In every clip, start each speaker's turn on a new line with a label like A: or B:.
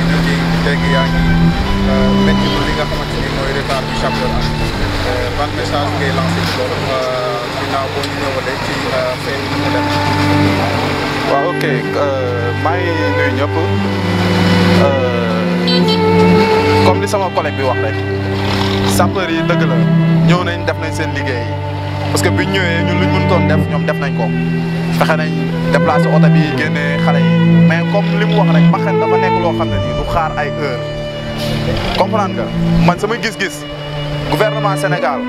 A: enerji léegi yaa ngi méttiwul li nga xamante ni mooy retard bi championnat am ban message ngay lancé ci loolu ginnaaw boo ñu ñëwalee ci feeñ bi comme li sama collègue bi wax rek sapeur yi dëgg la ñëw nañ def nañ parce que bi ñu ñëwee ñun luñ mënutoon def ñoom def nañ ko fexe nañ déplacé oto bi génnee xale yi mais comme li mu wax rek mbaxen dafa nekk loo xam ne nii du xaar ay heure comprendre nga man sama gis-gis gouvernement Sénégal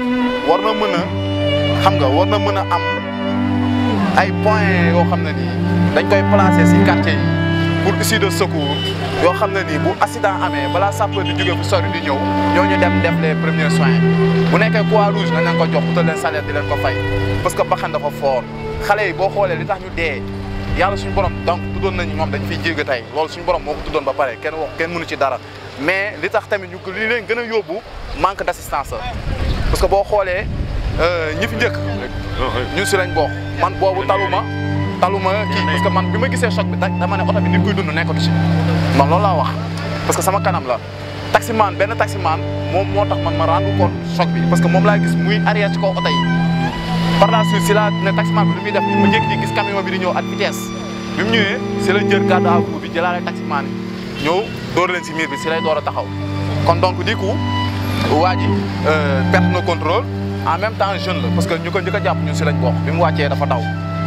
A: war na mën a xam nga war na mën a am ay points yoo xam ne nii dañ koy placer ci quartier yi pour issue de yo xamna ni bu accident amé bala sapeur di jogé fu sori di ñoo ñu dem def les premiers soins bu nekké quoi rouge nañ leen ko jox utal leen salaire di len ko fay parce que bakkan dafa fort xalé yi bo xolé li tax ñu dé yalla suñu borom donc tudon nañ ñom dañ fi jéggi tay lool suñu borom moko tudon ba paré kèn wax kèn mënu ci dara mais li tax tamit ñu li leen gëna a manque d'assistance parce que xolé euh ñi fi njëkk ah, ñu ci lañ bok man bobu taluma taluma ki parce que man bima gisé choc bi dama né auto bi nit koy dund nekkut ci man loolu la wax parce que sama kanam la man ben man mom motax man ma rendu compte choc bi parce que mom la gis muy arrière ci ko auto yi par la suite ci la né man bi lumuy def mu jek di gis camion bi di ñew ak vitesse bim ñëwé ci la jël garde à vous jëlale taxi man ñew door leen ci mur bi ci lay e doora taxaw kon donc du coup waji euh perte no contrôle en même temps jeune la parce que ñuko ñuko japp ñu ci lañ bok bimu wacce dafa daw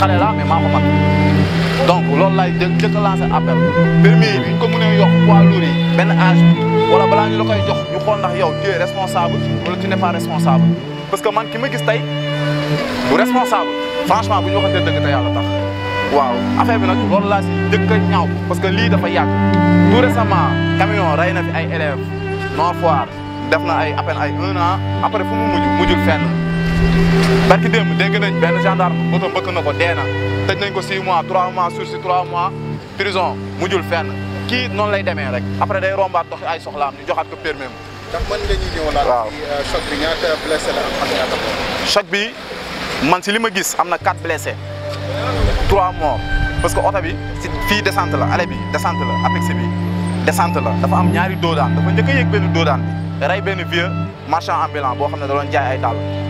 A: xale laa mais maa ko donc loolu lay jël jëkk lancer appel permis yi bi ñu ko mënee yokk wa lourd ben âge wala balaa ñu la koy jox ñu xool ndax yow tu es responsable wala tu n'es pas responsable parce que man ki ma gis tay bu responsable franchement bu ñu waxantee dëgg te yalla tax waaw affaire bi nag loolu laa si jëkk a ñaaw parce que lii dafa yàgg tout récemment camion rey na fi ay élèves Nord Foire def na ay à peine ay un an après fu mu mujj mujjul fenn barki démb dégg nañ benn gendarme moto mbëkk na ko dee na tëj nañ ko si mois 3 mois sursis 3 mois prison mujjul fenn kii noonu lay demee rek après day rombaat doxi ay soxlaam ñu joxaat ko permis am. ndax mën nga ñu ñëw laal. waaw ci euh, choc la am ak ñaata mort. choc bi man si li ma gis am na 4 blessés 3 morts parce que oto bi si desant descente la allée bi descente la apex bi descente la dafa am ñaari doodaan dafa njëkk a yëg benn doodaan bi ray benn vieux marchand ambulant boo xam ne da jaay ay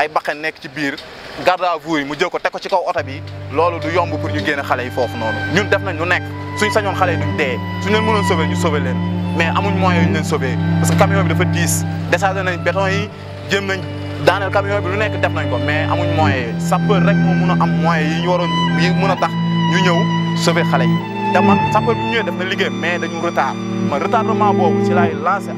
A: ay bakkan nekk ci biir garde à vous yi mu jël ko teg ko ci kaw oto bi loolu du yomb pour ñu génne xale yi foofu noonu ñun def nañ lu nekk suñ sañoon xale yi duñ dee suñ leen mënoon sauver ñu sauver leen mais amuñ moyen ñu leen sauver parce que camion bi dafa diis yi jëm nañ daaneel lu nekk def nañ ko mais amuñ moyen yi sapeur rek moo mun a am moyen yi ñu waroon yi mun a tax ñu ñëw sauver xale yi dama man sapeur bi ñu ñëwee def na liggéey mais dañu retard ma retardement boobu ci laay lancé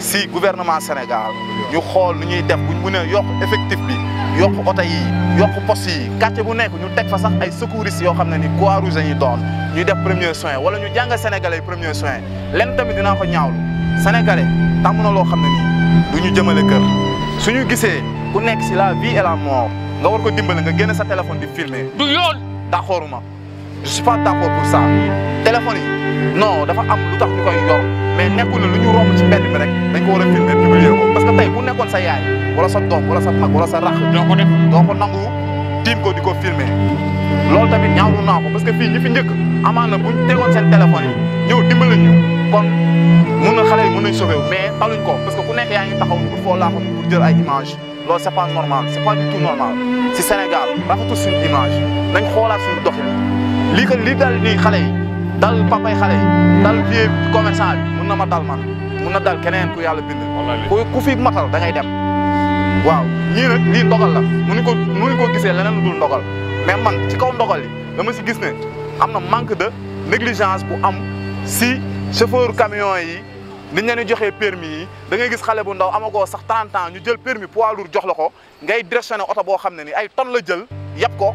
A: si gouvernement Sénégal ñu xool nu ñuy def buñ mënee yokk effectif bi yokk oto yi yokk poste yi quartier bu nekk ñu teg fa sax ay secouristes yoo xam ne ni croix rouge ñuy doon ñuy def premier soin wala ñu jàngal sénégalais yi premier soin len tamit dinaa ko ñaawlu sénégalais tàmm na loo xam ne nii du ñu jëmale kër ñu gisee ku nekk si la vie et la mort nga war ko dimbale nga génn sa téléphone di filmer du yoon d'accorduma je suis pas d'accord pour ça téléphone yi non dafa mais nekkul ne lu ñu romb ci mbedd mi rek dañ ko war a filmer publier ko parce que tey bu nekkoon sa yaay wala sa doom wala sa mag wala sa rax doo ko def doo ko nangu tiim ko di ko
B: loolu tamit ñaawlu
A: naa parce que fii ñi fi amaan na buñ tegoon seen téléphone ñëw dimbali ñu kon mun na xale yi mën nañ sauvé mais taluñ ko parce que ku nekk yaa ngi taxaw pour foo laa ko pour jël ay image loolu c'est pas normal c'est pas du tout si Sénégal yi dal papay xale yi dal vieux commerçant na ma dal ma mun na dal keneen ku yàlla bind ku ku fi matal da ngay dem waaw ñii nag lii ndogal la mu ko ko gisee leneen lu dul ndogal mais man ci kaw ndogal yi dama si gis ne am na manque de négligence bu am si chauffeur camion yi niñ leen di joxee yi da ngay gis xale bu ndaw ama amagoo sax 30 ans ñu jël permis poids lourd jox la ko ngay directionné oto boo xam ne ni ay tonnes la jël yeb ko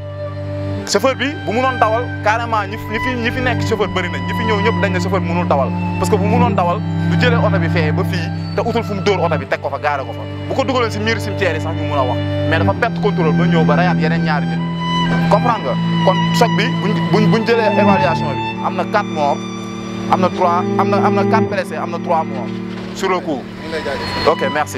A: chauffeur bi bu munoon dawal carrément ñi fi ñi fi nekk chauffeur bëri nañ ñi fi ñëw ñëpp dañ ne chauffeur munul dawal parce que bu munoon dawal du jëlee oto bi fee ba fii te utul fu dóor oto bi teg ko fa gaare ko fa bu ko dugaloon si miir cimetière yi sax ñu mun a wax mais dafa perte contrôle ba ñëw ba rayaat yeneen ñaari nit comprendre nga kon choc bi buñ am na 4 morts am na 3 am na am na 4 blessés am na 3 morts sur le coup ok merci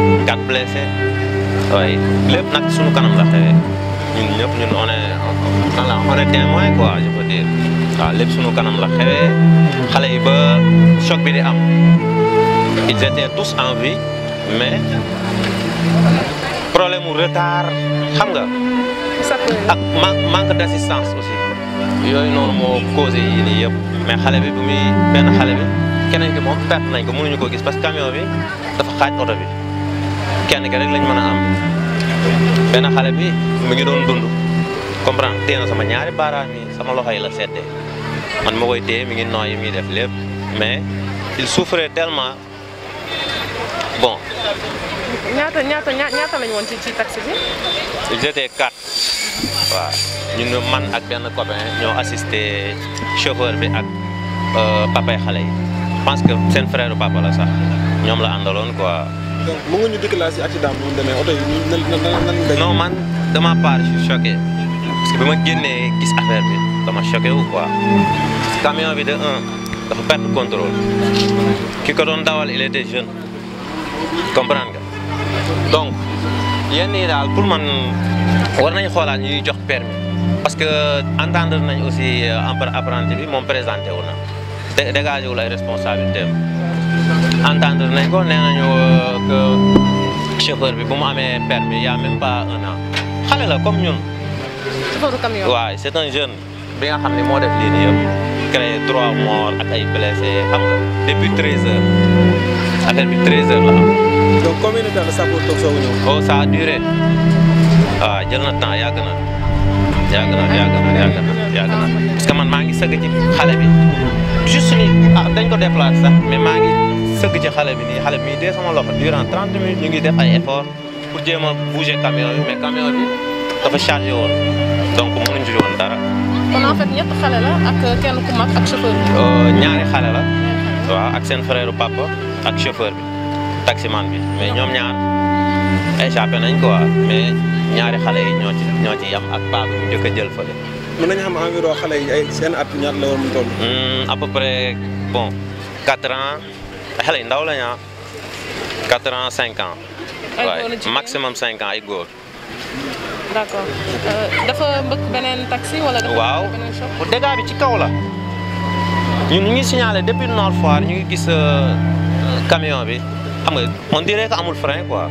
B: ak blessé waaye lépp nag suñu kanam la xewee ñun ñëpp ñun on est on est témoin quoi je veux dire waaw lépp suñu kanam la xewee xale yi ba choc bi di am ils étaient tous en vie mais problème mu retard xam nga ak manque d'assistance aussi yooyu noonu moo causé yii nii yëpp mais xale bi bu muy benn xale bi keneen ki moom perte nañ ko mënuñu ko gis parce que camion bi dafa xaaj oto bi kenn rek lañ mën a am benn xale bi mu ngi doon dund comprendre téye na sama ñaari baaraam yi sama loxo yi la seddee man ma koy téye mi ngi nooy yi muy def lépp mais il souffrait tellement bon.
A: ñaata ñaata ñaata lañ woon ci ci taxi bi.
B: ils étaient quatre waaw ñun man ak benn copain ñoo assisté chauffeur bi ak euh, papay xale yi je seen frère papa la sax ñoom la àndaloon quoi. donc mu nga ñu déclassé accident bi mu demee oto yi nan nan nan non man dama parce que ba ma génnee gis affaire bi dama choqué wu quoi parce camion bi de un dafa perte contrôle ki ko doon dawal il était jeune comprendre nga donc yenn daal pour man war nañ ñu ñuy jox permis parce que entendre nañ aussi euh, apprenti bi moom présenté wu na dégagé wul ay responsabilités entendre nañ ko nee nañu euh, que bi bu mu amee permis il y a même pas un an xale la comme ñun. chauffeur camion un jeune bi nga xam ne moo def lii nii yëpp trois morts ak ay blessés xam nga depuis 13 heures affaire bi 13 heures la am. donc combien de temps la Sapeur toog soog oh, a ñëw. na temps yàgg na yàgg na yàgg na yàgg na ngi sëgg bi juste ni ah dañ ko déplacé sax mais maa sëgg ci xale bi nii xale bi nii dee sama loxo durant 30 minutes ñu ngi def ay effort pour jéem a bouger camion bi mais camion bi dafa chargé woon donc mënuñ ci woon dara. kon en fait ñett xale la ak kenn ku mag ak chauffeur bi. Euh, ñaari xale la. waaw ak seen frère papa ak chauffeur bi taximan bi mais ñoom ñaar échappé nañ quoi mais ñaari xale yi ñoo ci ñoo ci yam ak paa bi mu njëkk a jël fële. mën nañu xam environ xale yi ay seen at ñaar la war mu toll. Hmm, à peu près bon quatre ans. xale yu ndaw lañ ah 4 ans ay maximum 5 ans ay góor.
A: d'accord euh, beneen taxi wala. waaw dégâts ci kaw la.
B: ñun ñu ngi signalé depuis Nord Foire ñu ngi gis camion bi xam nga on dirait amul frein quoi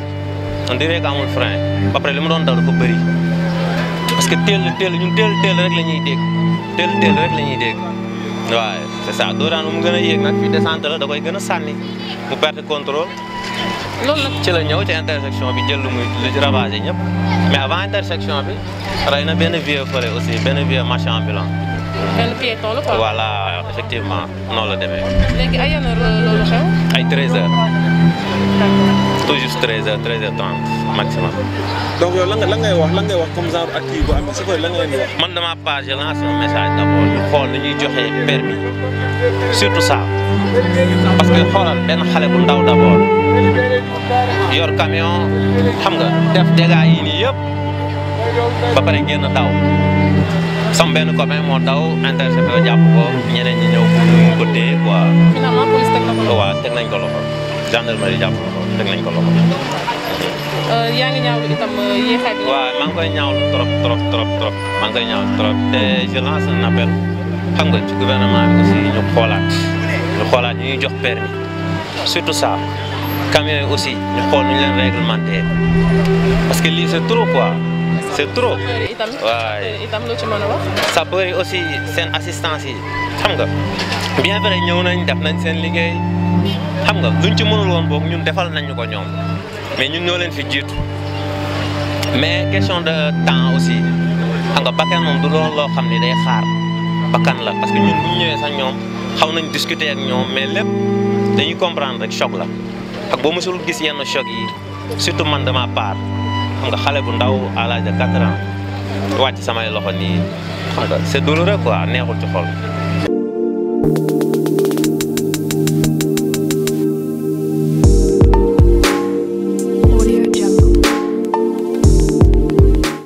B: on dirait amul frein ba li mu doon daw dafa bëri teel teel ñun teel teel rek la ñuy dégg teel teel rek la ñuy dégg. waaw c'est ça dooraan bu mu gën a yéeg nag fi descente la koy gën a sànni mu perte contrôle loolu nag ci la ñëw ci intersection bi jël lu muy lu ravagé ñëpp mais intersection bi rey na benn vieux fële aussi benn vieux marchand ambulant. benn piéton la quoi. effectivement noonu la demee. léegi ay yan heure loolu xew. ay plus 13 heures 13 yow ngay wax lan ngay wax comme genre active bu am si foofu lan nga leen man damaa page lancé un message d'abord ñu xool nu ñuy joxe permis surtout ça parce que xoolal benn xale bu ndaw d'abord yor camion xam nga def dégâts yi nii yëpp ba pare ngeen a daw. sam benn copain moo daw intercepté ba jàpp ko ñeneen ñi ñëw mu ko téye quoi. finalement ko loxo. waaw teg nañ rek lañ ko loxo euh yaa ngi ñaawlu itam yéexaay bi waaw maa ngi koy ñaawlu trop trop trop trop maa ngi koy ñaawlu trop te je lance un appel xam nga ci gouvernement bi aussi ñu xoolaat ñu xoolaat leen réglementé parce que lii c'est trop quoi c'est trop waay itam lu ci mën a wax sapeur yi aussi seen assistance yi xam nga bien vrai ñëw nañ def nañ seen liggéey xam nga luñ ci mënul woon boog ñun defal nañ ñu ko ñoom mais ñun ñoo leen fi jiitu mais question de temps aussi xam nga bakkan moom du loolu loo xam ne day xaar bakkan la parce que ñun ñu ñëwee sax ñoom xaw nañ discuter ak ñoom mais lépp dañuy comprendre rek choc la ak boo mësul gis yenn choc yi surtout man dama ma part xam nga xale bu ndaw à l'âge de quatre ans wàcc samay loxo nii xam nga c'est douloureux quoi neexul ci xol.